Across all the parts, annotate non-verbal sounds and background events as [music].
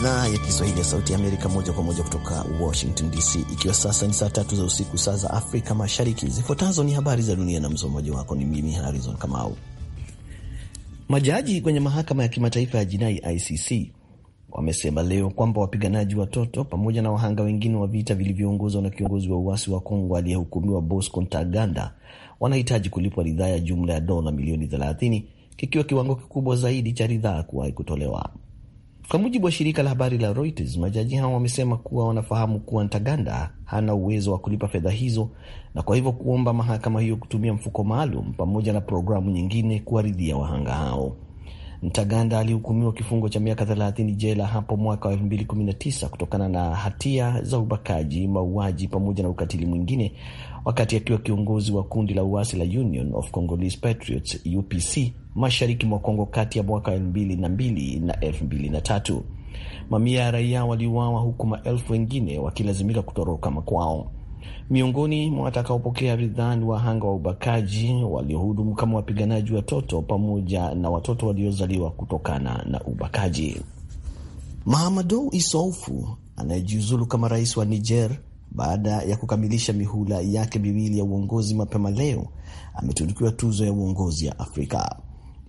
idhaa ya Kiswahili ya Sauti ya Amerika moja kwa moja kutoka Washington DC, ikiwa sasa ni saa tatu za usiku, saa za Afrika Mashariki. Zifuatazo ni habari za dunia na msomaji wako ni mimi Harrison Kamau. Majaji kwenye mahakama ya kimataifa ya jinai ICC wamesema leo kwamba wapiganaji watoto pamoja na wahanga wengine wa vita vilivyoongozwa na kiongozi wa uasi wa Kongo aliyehukumiwa Bosco Ntaganda wanahitaji kulipwa ridhaa ya jumla ya dola milioni 30 kikiwa kiwango kikubwa zaidi cha ridhaa kuwahi kutolewa. Kwa mujibu wa shirika la habari la Reuters, majaji hao wamesema kuwa wanafahamu kuwa Ntaganda hana uwezo wa kulipa fedha hizo na kwa hivyo kuomba mahakama hiyo kutumia mfuko maalum pamoja na programu nyingine kuwaridhia wahanga hao. Ntaganda alihukumiwa kifungo cha miaka 30 jela hapo mwaka wa 2019 kutokana na hatia za ubakaji, mauaji pamoja na ukatili mwingine wakati akiwa kiongozi wa kundi la uasi la Union of Congolese Patriots, UPC mashariki mwa Kongo kati ya mwaka 2002 na 2003. Mamia ya raia waliuawa huku maelfu wengine wakilazimika kutoroka makwao. Miongoni mwa watakaopokea bidhaa ni wahanga wa ubakaji waliohudumu kama wapiganaji watoto pamoja na watoto waliozaliwa kutokana na ubakaji. Mahamadou Isoufu anayejiuzulu kama rais wa Niger baada ya kukamilisha mihula yake miwili ya uongozi mapema leo ametunukiwa tuzo ya uongozi ya Afrika.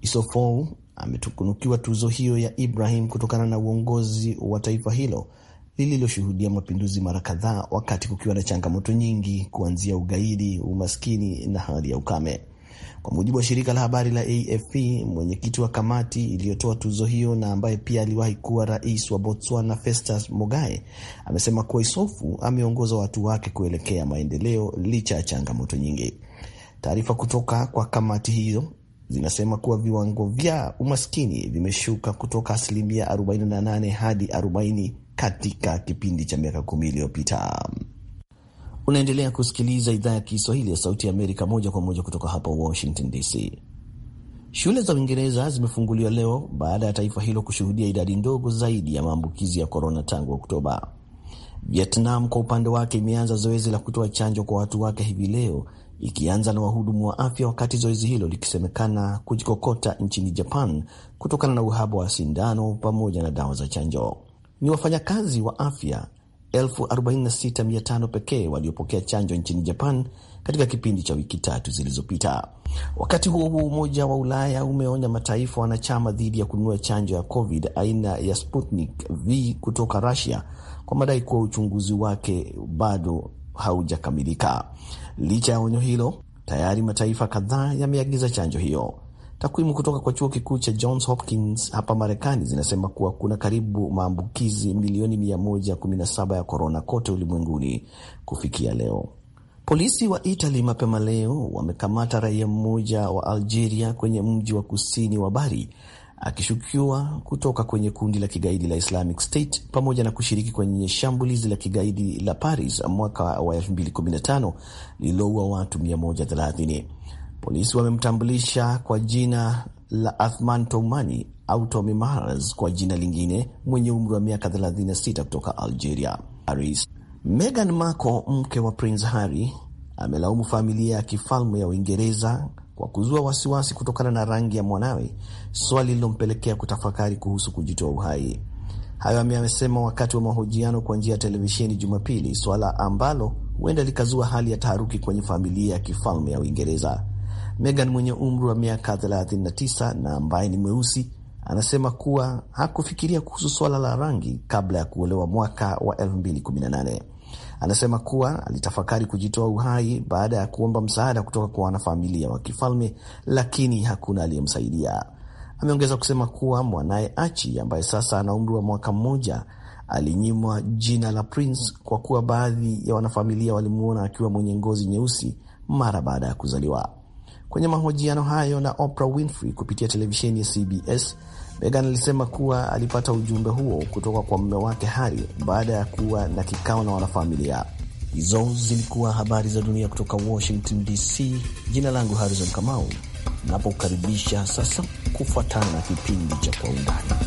Issoufou ametukunukiwa tuzo hiyo ya Ibrahim kutokana na uongozi wa taifa hilo lililoshuhudia mapinduzi mara kadhaa wakati kukiwa na changamoto nyingi kuanzia ugaidi, umaskini na hali ya ukame. Kwa mujibu wa shirika la habari la AFP, mwenyekiti wa kamati iliyotoa tuzo hiyo na ambaye pia aliwahi kuwa rais wa Botswana, Festus Mogae, amesema kuwa Isofu ameongoza watu wake kuelekea maendeleo licha ya changamoto nyingi. Taarifa kutoka kwa kamati hiyo zinasema kuwa viwango vya umaskini vimeshuka kutoka asilimia 48 hadi 40 katika kipindi cha miaka kumi iliyopita. Unaendelea kusikiliza idhaa ya Kiswahili ya Sauti ya Amerika moja kwa moja kutoka hapa Washington DC. Shule za Uingereza zimefunguliwa leo baada ya taifa hilo kushuhudia idadi ndogo zaidi ya maambukizi ya korona tangu Oktoba. Vietnam kwa upande wake imeanza zoezi la kutoa chanjo kwa watu wake hivi leo ikianza na wahudumu wa afya, wakati zoezi hilo likisemekana kujikokota nchini Japan kutokana na uhaba wa sindano pamoja na dawa za chanjo. Ni wafanyakazi wa afya 46500 pekee waliopokea chanjo nchini Japan katika kipindi cha wiki tatu zilizopita. Wakati huo huo, Umoja wa Ulaya umeonya mataifa wanachama dhidi ya kununua chanjo ya COVID aina ya Sputnik V kutoka Russia kwa madai kuwa uchunguzi wake bado haujakamilika. Licha ya onyo hilo, tayari mataifa kadhaa yameagiza chanjo hiyo. Takwimu kutoka kwa chuo kikuu cha Johns Hopkins hapa Marekani zinasema kuwa kuna karibu maambukizi milioni 117 ya korona kote ulimwenguni kufikia leo. Polisi wa Itali mapema leo wamekamata raia mmoja wa Algeria kwenye mji wa kusini wa Bari akishukiwa kutoka kwenye kundi la kigaidi la Islamic State pamoja na kushiriki kwenye shambulizi la kigaidi la Paris mwaka wa 2015 lililoua watu 130. Polisi wamemtambulisha kwa jina la Athman Toumani au tomy mars kwa jina lingine, mwenye umri wa miaka 36 kutoka Algeria. Paris. Meghan Markle, mke wa Prince Harry, amelaumu familia ya kifalme ya Uingereza kwa kuzua wasiwasi kutokana na rangi ya mwanawe, swali lilompelekea kutafakari kuhusu kujitoa uhai. Hayo amesema wakati wa mahojiano kwa njia ya televisheni Jumapili, swala ambalo huenda likazua hali ya taharuki kwenye familia ya kifalme ya Uingereza. Megan mwenye umri wa miaka 39 na ambaye ni mweusi anasema kuwa hakufikiria kuhusu swala la rangi kabla ya kuolewa mwaka wa 2018. Anasema kuwa alitafakari kujitoa uhai baada ya kuomba msaada kutoka kwa wanafamilia wa kifalme, lakini hakuna aliyemsaidia. Ameongeza kusema kuwa mwanaye Achi ambaye sasa ana umri wa mwaka mmoja alinyimwa jina la Prince kwa kuwa baadhi ya wanafamilia walimuona akiwa mwenye ngozi nyeusi mara baada ya kuzaliwa. Kwenye mahojiano hayo na Oprah Winfrey kupitia televisheni ya CBS, Megan alisema kuwa alipata ujumbe huo kutoka kwa mume wake Harry baada ya kuwa na kikao na wanafamilia. Hizo zilikuwa habari za dunia kutoka Washington DC. Jina langu Harrison Kamau, napokaribisha sasa kufuatana na kipindi cha Kwa Undani.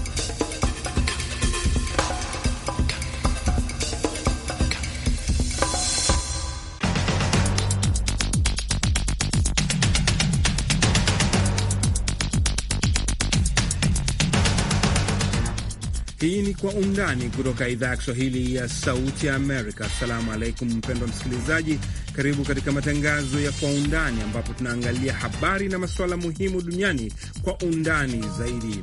undani kutoka idhaa ya Kiswahili ya Sauti ya Amerika. Assalamu alaikum, mpendwa msikilizaji, karibu katika matangazo ya Kwa Undani ambapo tunaangalia habari na masuala muhimu duniani kwa undani zaidi.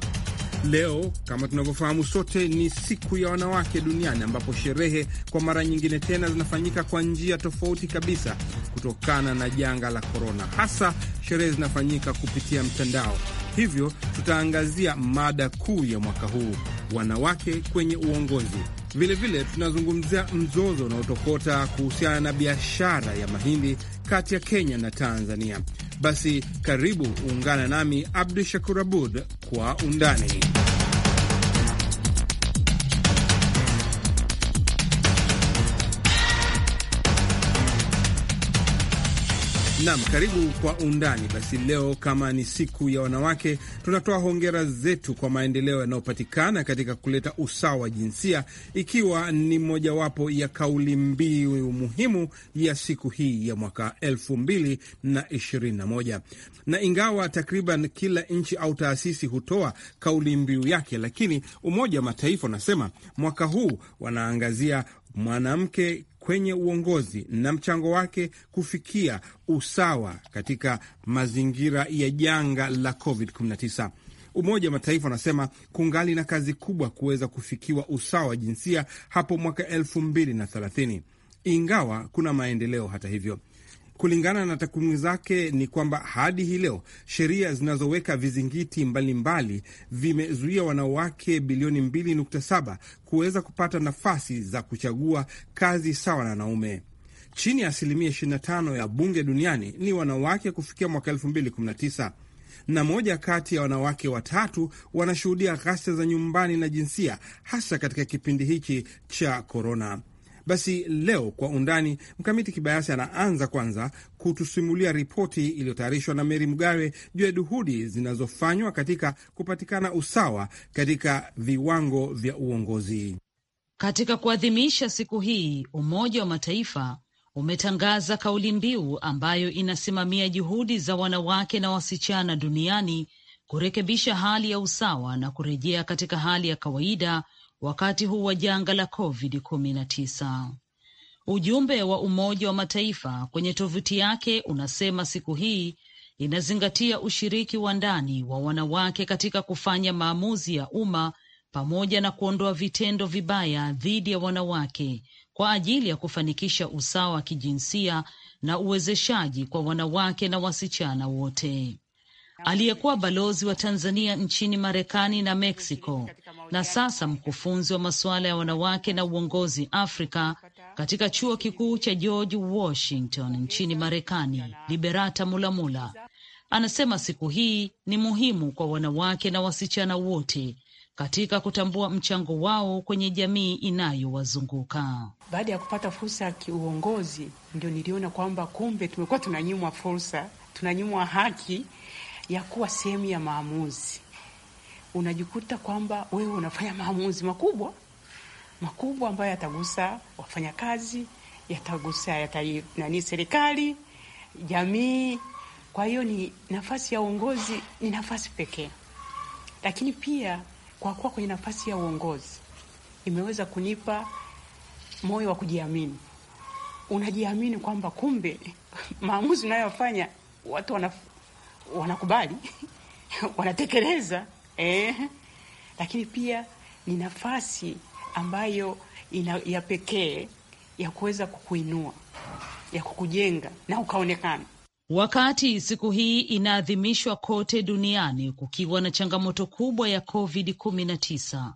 Leo kama tunavyofahamu sote, ni siku ya wanawake duniani, ambapo sherehe kwa mara nyingine tena zinafanyika kwa njia tofauti kabisa kutokana na janga la korona. Hasa sherehe zinafanyika kupitia mtandao, hivyo tutaangazia mada kuu ya mwaka huu wanawake kwenye uongozi. Vilevile tunazungumzia mzozo unaotokota kuhusiana na biashara ya mahindi kati ya Kenya na Tanzania. Basi karibu uungana nami Abdu Shakur Abud kwa undani. Nam, karibu kwa undani. Basi leo kama ni siku ya wanawake, tunatoa hongera zetu kwa maendeleo yanayopatikana katika kuleta usawa wa jinsia, ikiwa ni mojawapo ya kauli mbiu muhimu ya siku hii ya mwaka elfu mbili na ishirini na moja. Na ingawa takriban kila nchi au taasisi hutoa kauli mbiu yake, lakini Umoja wa Mataifa unasema mwaka huu wanaangazia mwanamke kwenye uongozi na mchango wake kufikia usawa katika mazingira ya janga la COVID-19. Umoja wa Mataifa unasema kungali na kazi kubwa kuweza kufikiwa usawa wa jinsia hapo mwaka elfu mbili na thelathini, ingawa kuna maendeleo. Hata hivyo Kulingana na takwimu zake ni kwamba hadi hii leo sheria zinazoweka vizingiti mbalimbali vimezuia wanawake bilioni 2.7 kuweza kupata nafasi za kuchagua kazi sawa na wanaume. Chini ya asilimia 25 ya bunge duniani ni wanawake kufikia mwaka 2019 na moja kati ya wanawake watatu wanashuhudia ghasia za nyumbani na jinsia, hasa katika kipindi hiki cha korona. Basi leo kwa undani, Mkamiti Kibayasi anaanza kwanza kutusimulia ripoti iliyotayarishwa na Meri Mgawe juu ya juhudi zinazofanywa katika kupatikana usawa katika viwango vya uongozi. Katika kuadhimisha siku hii, Umoja wa Mataifa umetangaza kauli mbiu ambayo inasimamia juhudi za wanawake na wasichana duniani kurekebisha hali ya usawa na kurejea katika hali ya kawaida wakati huu wa janga la COVID-19. Ujumbe wa Umoja wa Mataifa kwenye tovuti yake unasema siku hii inazingatia ushiriki wa ndani wa wanawake katika kufanya maamuzi ya umma pamoja na kuondoa vitendo vibaya dhidi ya wanawake kwa ajili ya kufanikisha usawa wa kijinsia na uwezeshaji kwa wanawake na wasichana wote aliyekuwa balozi wa Tanzania nchini Marekani na Meksiko, na sasa mkufunzi wa masuala ya wanawake na uongozi Afrika katika chuo kikuu cha George Washington nchini Marekani, Liberata Mulamula anasema siku hii ni muhimu kwa wanawake na wasichana wote katika kutambua mchango wao kwenye jamii inayowazunguka. Baada ya kupata fursa ya kiuongozi, ndio niliona kwamba kumbe tumekuwa tunanyimwa fursa, tunanyimwa haki ya kuwa sehemu ya maamuzi. Unajikuta kwamba wewe unafanya maamuzi makubwa makubwa ambayo yatagusa wafanyakazi, yatagusa yata, nani, serikali, jamii. Kwa hiyo ni nafasi ya uongozi, ni nafasi pekee, lakini pia kwa kuwa kwenye nafasi ya uongozi imeweza kunipa moyo wa kujiamini. Unajiamini kwamba kumbe [laughs] maamuzi unayofanya watu wanakubali [laughs] wanatekeleza eh. Lakini pia ni nafasi ambayo ina, ya pekee ya kuweza kukuinua ya kukujenga na ukaonekana. Wakati siku hii inaadhimishwa kote duniani kukiwa na changamoto kubwa ya COVID-19,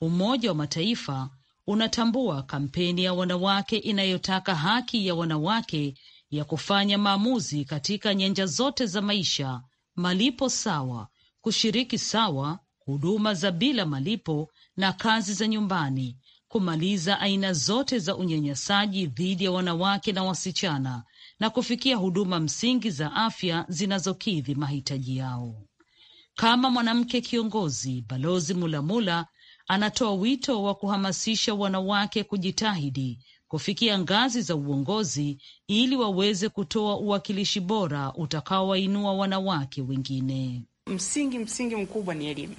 Umoja wa Mataifa unatambua kampeni ya wanawake inayotaka haki ya wanawake ya kufanya maamuzi katika nyanja zote za maisha: malipo sawa, kushiriki sawa, huduma za bila malipo na kazi za nyumbani, kumaliza aina zote za unyanyasaji dhidi ya wanawake na wasichana na kufikia huduma msingi za afya zinazokidhi mahitaji yao. Kama mwanamke kiongozi, Balozi Mulamula anatoa wito wa kuhamasisha wanawake kujitahidi kufikia ngazi za uongozi ili waweze kutoa uwakilishi bora utakaowainua wanawake wengine. Msingi msingi mkubwa ni elimu,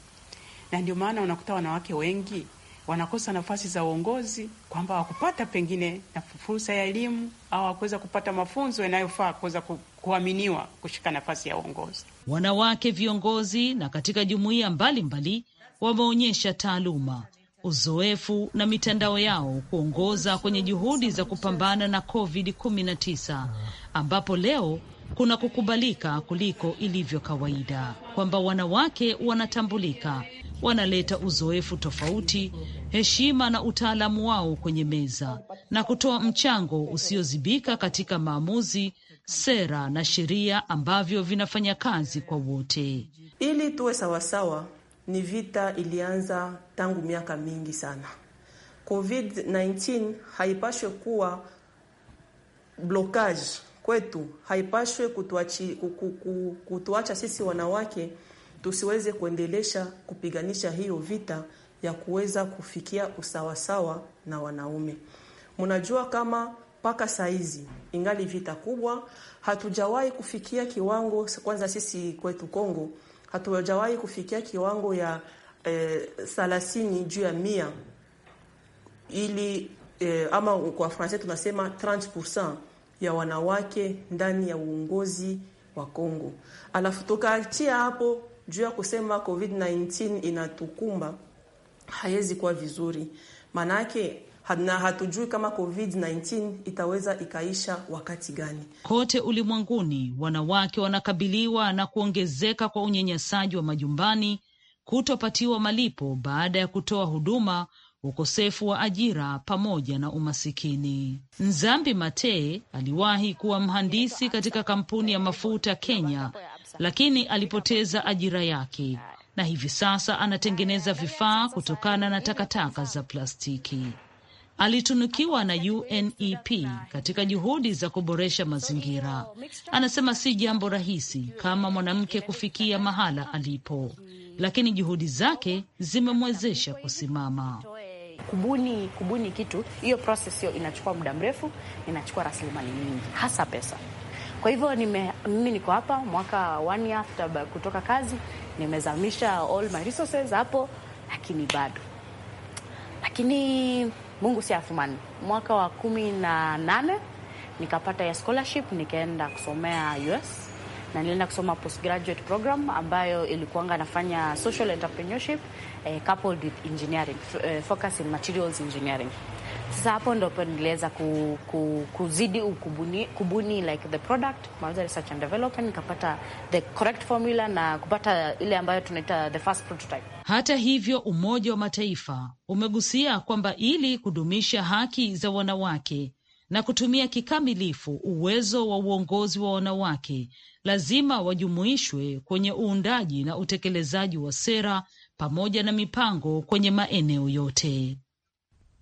na ndio maana unakuta wanawake wengi wanakosa nafasi za uongozi, kwamba wakupata pengine na fursa ya elimu au wakuweza kupata mafunzo yanayofaa kuweza kuaminiwa kushika nafasi ya uongozi. Wanawake viongozi na katika jumuiya mbalimbali wameonyesha taaluma uzoefu na mitandao yao kuongoza kwenye juhudi za kupambana na COVID-19 ambapo leo kuna kukubalika kuliko ilivyo kawaida kwamba wanawake wanatambulika, wanaleta uzoefu tofauti, heshima na utaalamu wao kwenye meza na kutoa mchango usiozibika katika maamuzi, sera na sheria ambavyo vinafanya kazi kwa wote ili tuwe sawasawa ni vita ilianza tangu miaka mingi sana. COVID-19 haipashwe kuwa blokaji kwetu, haipashwe kutuachi, kutuacha sisi wanawake tusiweze kuendelesha kupiganisha hiyo vita ya kuweza kufikia usawasawa na wanaume. Mnajua kama mpaka saizi ingali vita kubwa, hatujawahi kufikia kiwango kwanza sisi kwetu Kongo hatujawahi kufikia kiwango ya eh, thelathini eh, juu ya mia ili eh, ama kwa Fransa tunasema 30% ya wanawake ndani ya uongozi wa Kongo. Alafu tukaachia hapo juu ya kusema COVID-19 inatukumba haiwezi kuwa vizuri, maanake na hatujui kama COVID-19 itaweza ikaisha wakati gani. Kote ulimwenguni wanawake wanakabiliwa na kuongezeka kwa unyanyasaji wa majumbani, kutopatiwa malipo baada ya kutoa huduma, ukosefu wa ajira pamoja na umasikini. Nzambi mate aliwahi kuwa mhandisi katika kampuni ya mafuta Kenya, lakini alipoteza ajira yake na hivi sasa anatengeneza vifaa kutokana na takataka za plastiki alitunukiwa na UNEP katika juhudi za kuboresha mazingira. Anasema si jambo rahisi kama mwanamke kufikia mahala alipo, lakini juhudi zake zimemwezesha kusimama. Kubuni kubuni kitu, hiyo proses hiyo inachukua muda mrefu, inachukua rasilimali nyingi, hasa pesa. Kwa hivyo mimi niko hapa mwaka one year after kutoka kazi, nimezamisha all my resources hapo, lakini bado lakini Mungu si Athumani. Mwaka wa kumi na nane nikapata ya scholarship nikaenda kusomea US na nilienda kusoma postgraduate program ambayo ilikuanga nafanya social entrepreneurship eh, coupled with engineering, eh, focus in materials engineering sasa hapo ndipo niliweza ku, ku, kuzidi kubuni, kubuni like the product, kumaliza research and development, nikapata the correct formula na kupata ile ambayo tunaita the first prototype. Hata hivyo, Umoja wa Mataifa umegusia kwamba ili kudumisha haki za wanawake na kutumia kikamilifu uwezo wa uongozi wa wanawake lazima wajumuishwe kwenye uundaji na utekelezaji wa sera pamoja na mipango kwenye maeneo yote.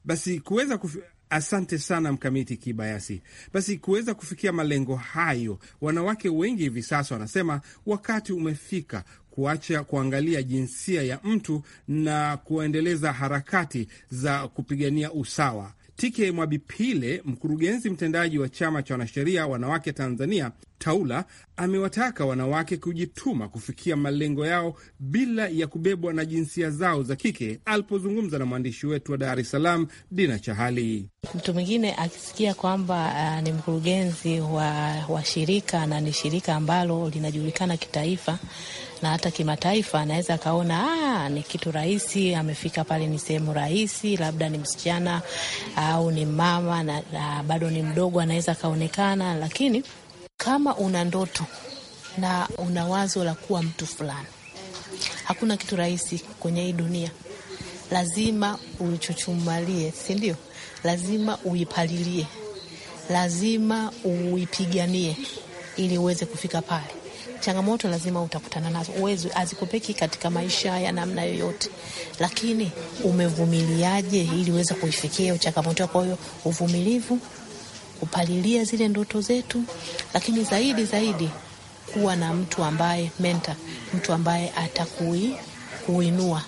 Basi kuweza kufi... Asante sana Mkamiti Kibayasi. Basi kuweza kufikia malengo hayo, wanawake wengi hivi sasa wanasema wakati umefika kuacha kuangalia jinsia ya mtu na kuendeleza harakati za kupigania usawa. Tike Mwabipile, mkurugenzi mtendaji wa chama cha wanasheria wanawake Tanzania, Taula amewataka wanawake kujituma kufikia malengo yao bila ya kubebwa na jinsia zao za kike, alipozungumza na mwandishi wetu wa Dar es Salaam Dina Chahali. Mtu mwingine akisikia kwamba uh, ni mkurugenzi wa, wa shirika na ni shirika ambalo linajulikana kitaifa na hata kimataifa, anaweza akaona ah, ni kitu rahisi, amefika pale, ni sehemu rahisi, labda ni msichana au ni mama na, na bado ni mdogo, anaweza akaonekana, lakini kama una ndoto na una wazo la kuwa mtu fulani, hakuna kitu rahisi kwenye hii dunia. Lazima uichuchumalie, si ndio? Lazima uipalilie, lazima uipiganie ili uweze kufika pale. Changamoto lazima utakutana nazo, uwezi azikopeki katika maisha ya namna yoyote, lakini umevumiliaje ili uweze kuifikia changamoto yako? Kwa hiyo uvumilivu kupalilia zile ndoto zetu, lakini zaidi zaidi kuwa na mtu ambaye mentor, mtu ambaye atakuinua.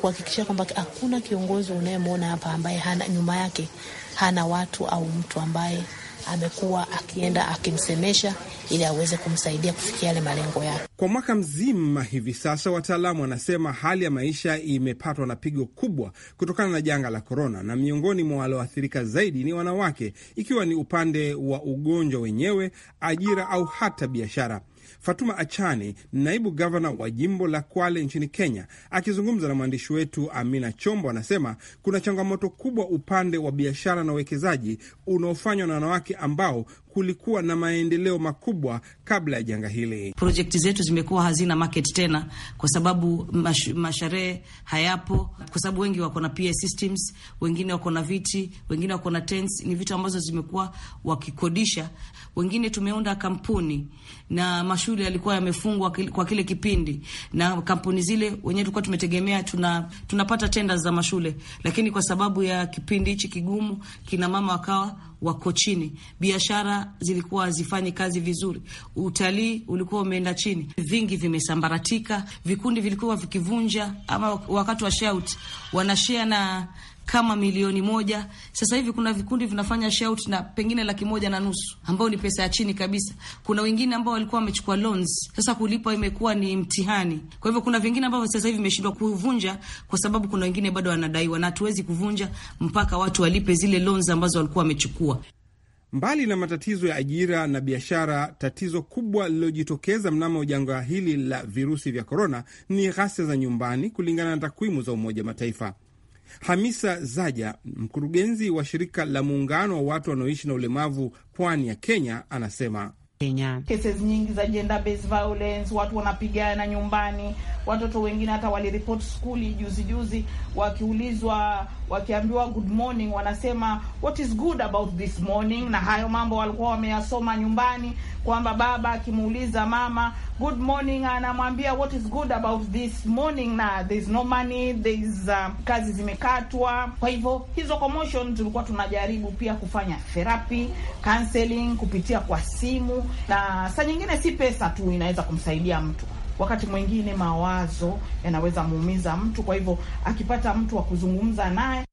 kuhakikishia kwamba hakuna kiongozi unayemwona hapa ambaye hana nyuma yake hana watu au mtu ambaye amekuwa akienda akimsemesha ili aweze kumsaidia kufikia yale malengo yake. Kwa mwaka mzima hivi sasa, wataalamu wanasema hali ya maisha imepatwa na pigo kubwa kutokana na janga la korona, na miongoni mwa walioathirika zaidi ni wanawake, ikiwa ni upande wa ugonjwa wenyewe, ajira au hata biashara. Fatuma Achani, naibu gavana wa jimbo la Kwale nchini Kenya, akizungumza na mwandishi wetu Amina Chombo, anasema kuna changamoto kubwa upande wa biashara na uwekezaji unaofanywa na wanawake ambao kulikuwa na maendeleo makubwa kabla ya janga hili. Projekti zetu zimekuwa hazina market tena, kwa sababu mash, masharehe hayapo, kwa sababu wengi wako na PA systems, wengine wako na viti, wengine wako na tents. Ni vitu ambazo zimekuwa wakikodisha. Wengine tumeunda kampuni na mashule yalikuwa yamefungwa kwa kile kipindi, na kampuni zile wenyewe tulikuwa tumetegemea tuna, tunapata tenda za mashule, lakini kwa sababu ya kipindi hichi kigumu, kina mama wakawa wako chini, biashara zilikuwa hazifanyi kazi vizuri, utalii ulikuwa umeenda chini, vingi vimesambaratika, vikundi vilikuwa vikivunja, ama wakati wa shout wanashea na kama milioni moja. Sasa hivi kuna vikundi vinafanya shout na pengine laki moja na nusu, ambao ni pesa ya chini kabisa. Kuna wengine ambao walikuwa wamechukua loans, sasa kulipa imekuwa ni mtihani. Kwa hivyo kuna vingine ambavyo sasa hivi vimeshindwa kuvunja, kwa sababu kuna wengine bado wanadaiwa, na hatuwezi kuvunja mpaka watu walipe zile loans ambazo walikuwa wamechukua. Mbali na matatizo ya ajira na biashara, tatizo kubwa lililojitokeza mnamo janga hili la virusi vya korona ni ghasia za nyumbani, kulingana na takwimu za Umoja Mataifa. Hamisa Zaja, mkurugenzi wa shirika la muungano wa watu wanaoishi na ulemavu pwani ya Kenya, anasema Kenya cases nyingi za gender based violence, watu wanapigana nyumbani, watoto wengine hata waliripoti skuli juzi juzi, wakiulizwa wakiambiwa good morning, wanasema what is good about this morning, na hayo mambo walikuwa wameyasoma nyumbani, kwamba baba akimuuliza mama good morning, anamwambia what is good about this morning, na there's no money, there's um, kazi zimekatwa. Kwa hivyo hizo commotion tulikuwa tunajaribu pia kufanya therapy, counseling kupitia kwa simu, na saa nyingine si pesa tu inaweza kumsaidia mtu wakati mwingine mawazo yanaweza muumiza mtu. Kwa hivyo akipata mtu wa kuzungumza naye,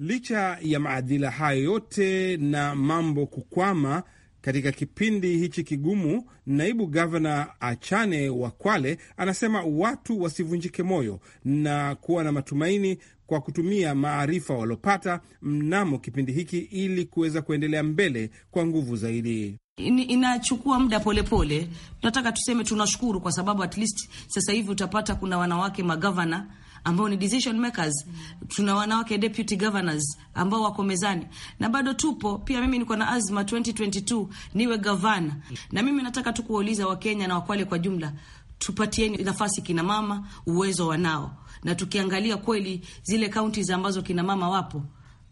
licha ya maadhila hayo yote na mambo kukwama katika kipindi hichi kigumu, naibu gavana Achane wa Kwale anasema watu wasivunjike moyo na kuwa na matumaini kwa kutumia maarifa waliopata mnamo kipindi hiki ili kuweza kuendelea mbele kwa nguvu zaidi. In, inachukua muda polepole. Tunataka tuseme tunashukuru kwa sababu at least sasa hivi utapata kuna wanawake magavana ambao ni decision makers. Tuna wanawake deputy governors ambao wako mezani, na bado tupo pia. Mimi niko na azma 2022 niwe gavana, na mimi nataka tu kuwauliza Wakenya na Wakwale kwa jumla, tupatieni nafasi kina mama, uwezo wanao, na tukiangalia kweli zile kaunti ambazo kina mama wapo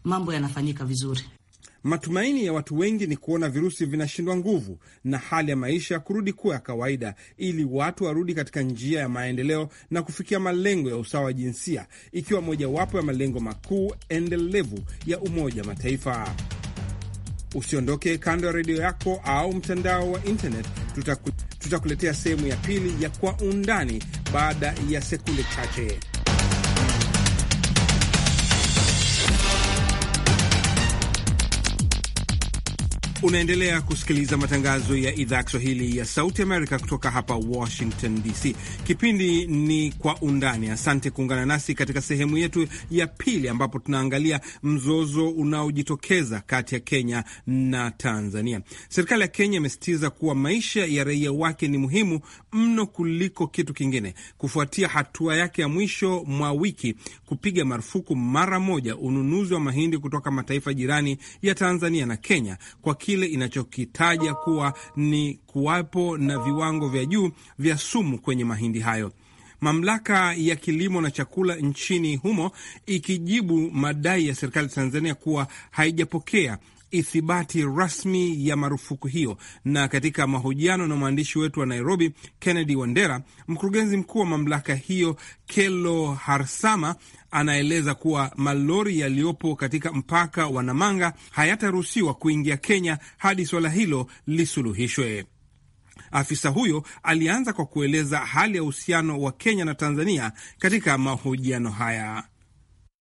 mambo yanafanyika vizuri. Matumaini ya watu wengi ni kuona virusi vinashindwa nguvu na hali ya maisha kurudi kuwa ya kawaida, ili watu warudi katika njia ya maendeleo na kufikia malengo ya usawa wa jinsia, ikiwa mojawapo ya malengo makuu endelevu ya Umoja wa Mataifa. Usiondoke kando ya redio yako au mtandao wa internet. Tutaku, tutakuletea sehemu ya pili ya Kwa Undani baada ya sekunde chache. Unaendelea kusikiliza matangazo ya idhaa ya Kiswahili ya Sauti Amerika kutoka hapa Washington DC. Kipindi ni Kwa Undani. Asante kuungana nasi katika sehemu yetu ya pili, ambapo tunaangalia mzozo unaojitokeza kati ya Kenya na Tanzania. Serikali ya Kenya imesisitiza kuwa maisha ya raia wake ni muhimu mno kuliko kitu kingine, kufuatia hatua yake ya mwisho mwa wiki kupiga marufuku mara moja ununuzi wa mahindi kutoka mataifa jirani ya Tanzania na Kenya kwa kile inachokitaja kuwa ni kuwapo na viwango vya juu vya sumu kwenye mahindi hayo. Mamlaka ya kilimo na chakula nchini humo ikijibu madai ya serikali ya Tanzania kuwa haijapokea ithibati rasmi ya marufuku hiyo. Na katika mahojiano na mwandishi wetu wa Nairobi, Kennedy Wandera, mkurugenzi mkuu wa mamlaka hiyo Kelo Harsama anaeleza kuwa malori yaliyopo katika mpaka wa Namanga hayataruhusiwa kuingia Kenya hadi suala hilo lisuluhishwe. Afisa huyo alianza kwa kueleza hali ya uhusiano wa Kenya na Tanzania katika mahojiano haya.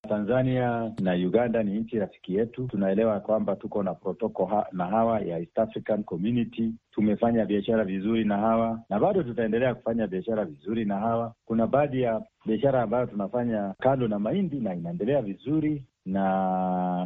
Tanzania na Uganda ni nchi rafiki yetu. Tunaelewa kwamba tuko na protoko ha na hawa ya East African Community. Tumefanya biashara vizuri na hawa na bado tutaendelea kufanya biashara vizuri na hawa. Kuna baadhi ya biashara ambayo tunafanya kando na mahindi na inaendelea vizuri, na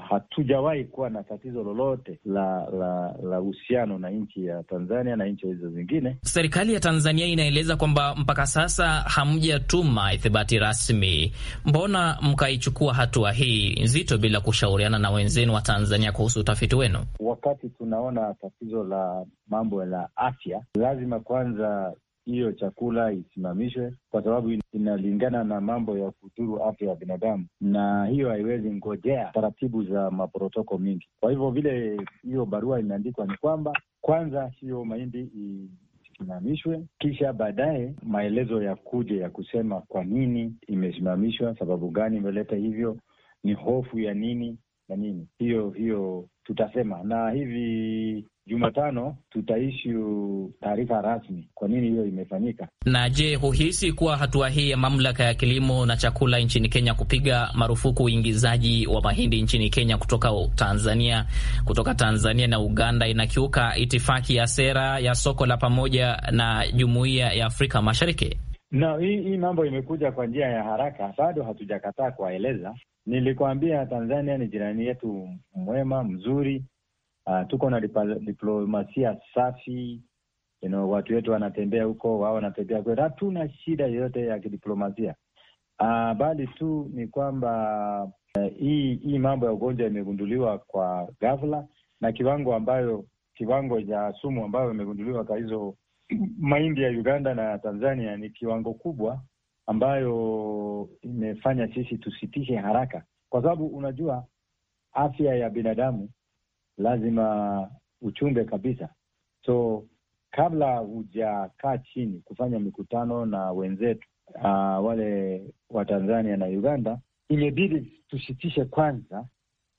hatujawahi kuwa na tatizo lolote la la la uhusiano na nchi ya Tanzania na nchi hizo zingine. Serikali ya Tanzania inaeleza kwamba mpaka sasa hamjatuma ithibati rasmi. Mbona mkaichukua hatua hii nzito bila kushauriana na wenzenu wa Tanzania kuhusu utafiti wenu? Wakati tunaona tatizo la mambo la afya, lazima kwanza hiyo chakula isimamishwe, kwa sababu inalingana na mambo ya kudhuru afya ya binadamu, na hiyo haiwezi ngojea taratibu za maprotoko mingi. Kwa hivyo vile hiyo barua imeandikwa ni kwamba kwanza hiyo mahindi i isimamishwe kisha baadaye maelezo ya kuja ya kusema kwa nini imesimamishwa, sababu gani imeleta hivyo, ni hofu ya nini na nini. Hiyo hiyo tutasema, na hivi Jumatano tutaishu taarifa rasmi kwa nini hiyo imefanyika. Na je, huhisi kuwa hatua hii ya mamlaka ya kilimo na chakula nchini Kenya kupiga marufuku uingizaji wa mahindi nchini Kenya kutoka Tanzania, kutoka Tanzania na Uganda inakiuka itifaki ya sera ya soko la pamoja na jumuiya ya Afrika Mashariki? Na hii, hii mambo imekuja kwa njia ya haraka, bado hatujakataa kuwaeleza Nilikwambia Tanzania ni jirani yetu mwema mzuri. Uh, tuko na diplomasia safi you know, watu wetu wanatembea huko, wao wanatembea kwetu, hatuna shida yoyote ya kidiplomasia uh, bali tu ni kwamba eh, hii uh, hii mambo ya ugonjwa imegunduliwa kwa ghafla na kiwango ambayo kiwango cha sumu ambayo imegunduliwa kwa hizo mahindi ya Uganda na Tanzania ni kiwango kubwa ambayo imefanya sisi tusitishe haraka, kwa sababu unajua afya ya binadamu lazima uchunge kabisa. So kabla hujakaa chini kufanya mikutano na wenzetu uh, wale wa Tanzania na Uganda, imebidi tusitishe kwanza,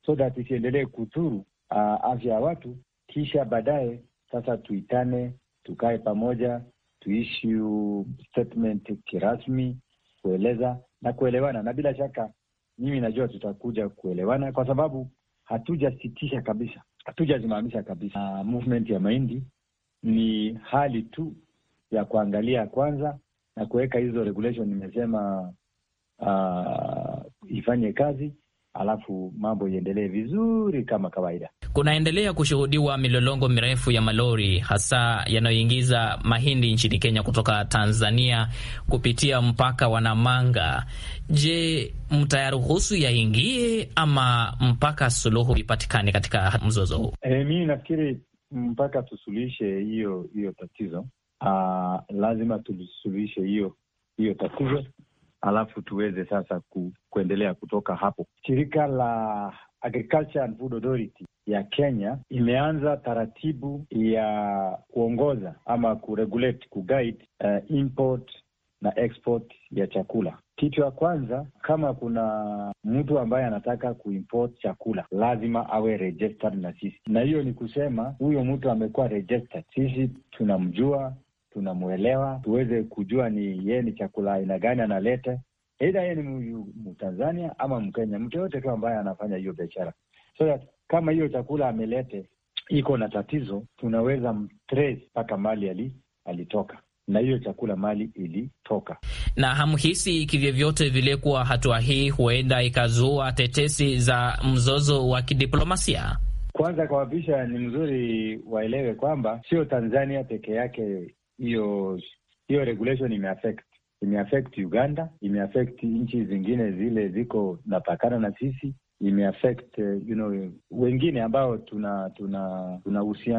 so that isiendelee kuthuru ah, afya ya watu, kisha baadaye sasa tuitane, tukae pamoja tuissue statement kirasmi kueleza na kuelewana, na bila shaka mimi najua tutakuja kuelewana kwa sababu hatujasitisha kabisa, hatujasimamisha kabisa. movement ya mahindi ni hali tu ya kuangalia kwanza na kuweka hizo regulation nimesema, uh, ifanye kazi, alafu mambo iendelee vizuri kama kawaida kunaendelea kushuhudiwa milolongo mirefu ya malori hasa yanayoingiza mahindi nchini Kenya kutoka Tanzania kupitia mpaka wa Namanga. Je, mtayaruhusu yaingie ama mpaka suluhu ipatikane katika mzozo huu? E, mimi nafikiri mpaka tusuluhishe hiyo hiyo tatizo. Aa, ah, lazima tulisuluhishe hiyo hiyo tatizo alafu tuweze sasa ku, kuendelea kutoka hapo. Shirika la Agriculture and Food Authority ya Kenya imeanza taratibu ya kuongoza ama kuregulate kuguide, uh, import na export ya chakula. Kitu ya kwanza, kama kuna mtu ambaye anataka kuimport chakula lazima awe registered na sisi, na hiyo ni kusema huyo mtu amekuwa registered, sisi tunamjua, tunamwelewa, tuweze kujua ni yeye ni chakula aina gani analete, aidha yeye ni Mtanzania ama Mkenya, mtu yoyote tu ambaye anafanya hiyo biashara so that kama hiyo chakula amelete iko na tatizo, tunaweza mtrace mpaka mali ali, alitoka na hiyo chakula mali ilitoka. Na hamhisi kivyovyote vile kuwa hatua hii huenda ikazua tetesi za mzozo wa kidiplomasia? Kwanza kawapisha, ni mzuri waelewe kwamba sio Tanzania peke yake hiyo hiyo regulation imeaffect imeaffect Uganda, imeaffect nchi zingine zile ziko napakana na sisi, imeaffect eh, you know, wengine ambao tunahusiana tuna,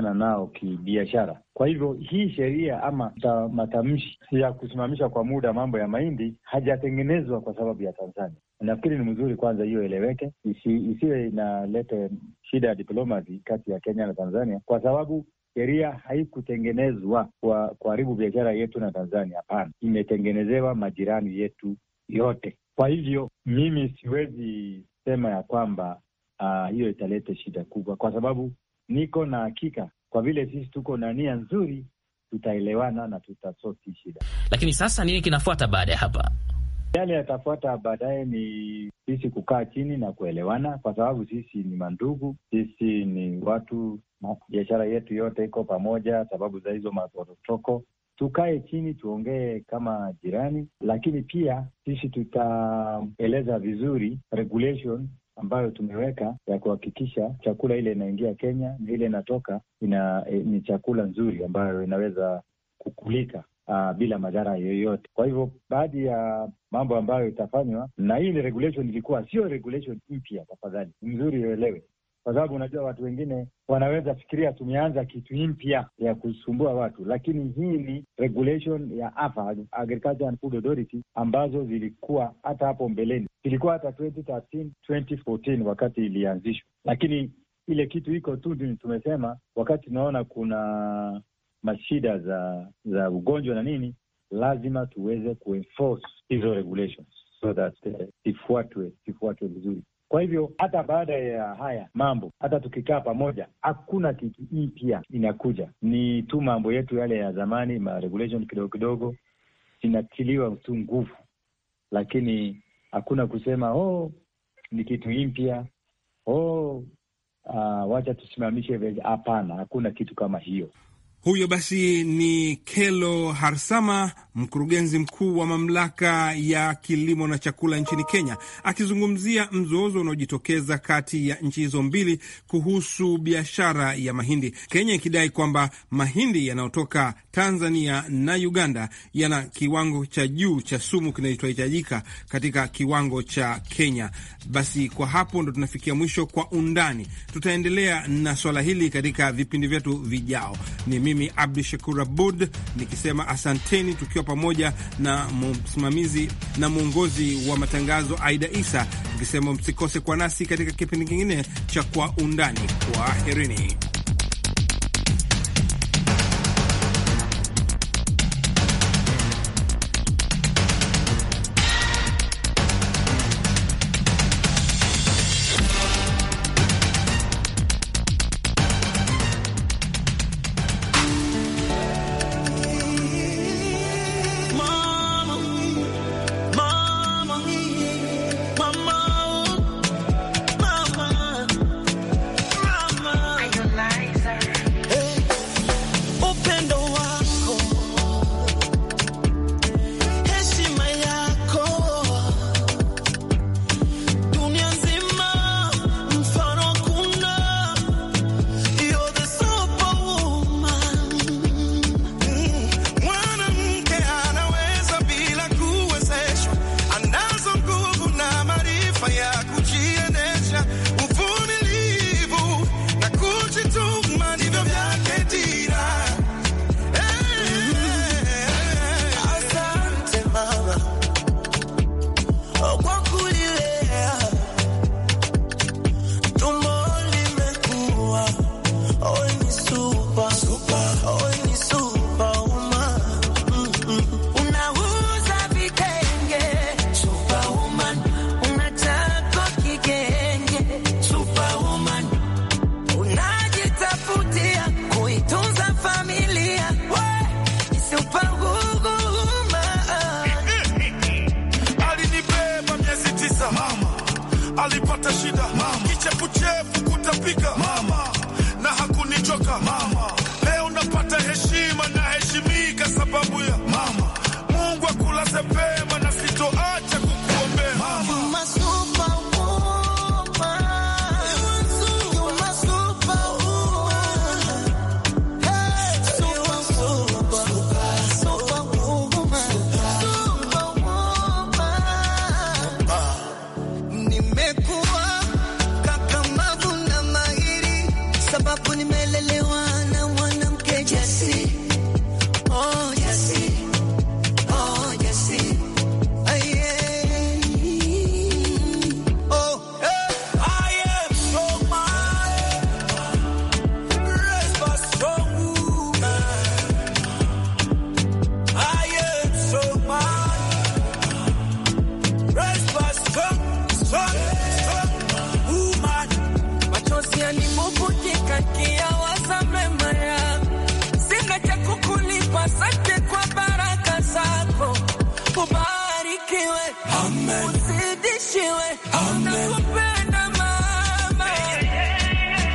tuna nao kibiashara. Kwa hivyo hii sheria ama matamshi ya kusimamisha kwa muda mambo ya mahindi hajatengenezwa kwa sababu ya Tanzania. Nafikiri ni mzuri kwanza hiyo eleweke, isi, isiwe inalete shida ya diplomasi kati ya Kenya na Tanzania kwa sababu sheria haikutengenezwa kwa kuharibu biashara yetu na Tanzania. Hapana, imetengenezewa majirani yetu yote. Kwa hivyo mimi siwezi sema ya kwamba uh, hiyo italeta shida kubwa, kwa sababu niko na hakika kwa vile sisi tuko na nia nzuri, tutaelewana na tutasoti shida. Lakini sasa nini kinafuata baada ya hapa? Yale yatafuata baadaye ni sisi kukaa chini na kuelewana, kwa sababu sisi ni mandugu, sisi ni watu, biashara yetu yote iko pamoja, sababu za hizo matorotoko tukae chini tuongee kama jirani, lakini pia sisi tutaeleza vizuri regulation ambayo tumeweka ya kuhakikisha chakula ile inaingia Kenya na ile inatoka ina, e, ni chakula nzuri ambayo inaweza kukulika a, ah, bila madhara yoyote. Kwa hivyo baadhi ya mambo ambayo itafanywa na hii ni regulation, ilikuwa sio regulation mpya, tafadhali mzuri uelewe kwa sababu unajua watu wengine wanaweza fikiria tumeanza kitu mpya ya kusumbua watu, lakini hii ni regulation ya AFA, Agriculture and Food Authority, ambazo zilikuwa hata hapo mbeleni, zilikuwa hata 2013, 2014 wakati ilianzishwa, lakini ile kitu iko tu, tumesema wakati tunaona kuna mashida za za ugonjwa na nini, lazima tuweze kuenforce hizo regulations so that eh, zifuatwe uh, zifuatwe vizuri. Kwa hivyo hata baada ya haya mambo, hata tukikaa pamoja, hakuna kitu mpya inakuja, ni tu mambo yetu yale ya zamani, ma regulation kidogo kidogo zinatiliwa tu nguvu, lakini hakuna kusema oh, ni kitu mpya oh, uh, wacha tusimamishe. Hapana, hakuna kitu kama hiyo. Huyo basi ni Kelo Harsama, mkurugenzi mkuu wa mamlaka ya kilimo na chakula nchini Kenya, akizungumzia mzozo unaojitokeza kati ya nchi hizo mbili kuhusu biashara ya mahindi, Kenya ikidai kwamba mahindi yanayotoka Tanzania na Uganda yana kiwango cha juu cha sumu kinachohitajika katika kiwango cha Kenya. Basi kwa hapo ndo tunafikia mwisho. Kwa undani, tutaendelea na swala hili katika vipindi vyetu vijao. Ni mimi Abdu Shakur Abud nikisema asanteni, tukiwa pamoja na msimamizi na mwongozi wa matangazo Aida Isa, nikisema msikose kwa nasi katika kipindi kingine cha Kwa Undani. kwa herini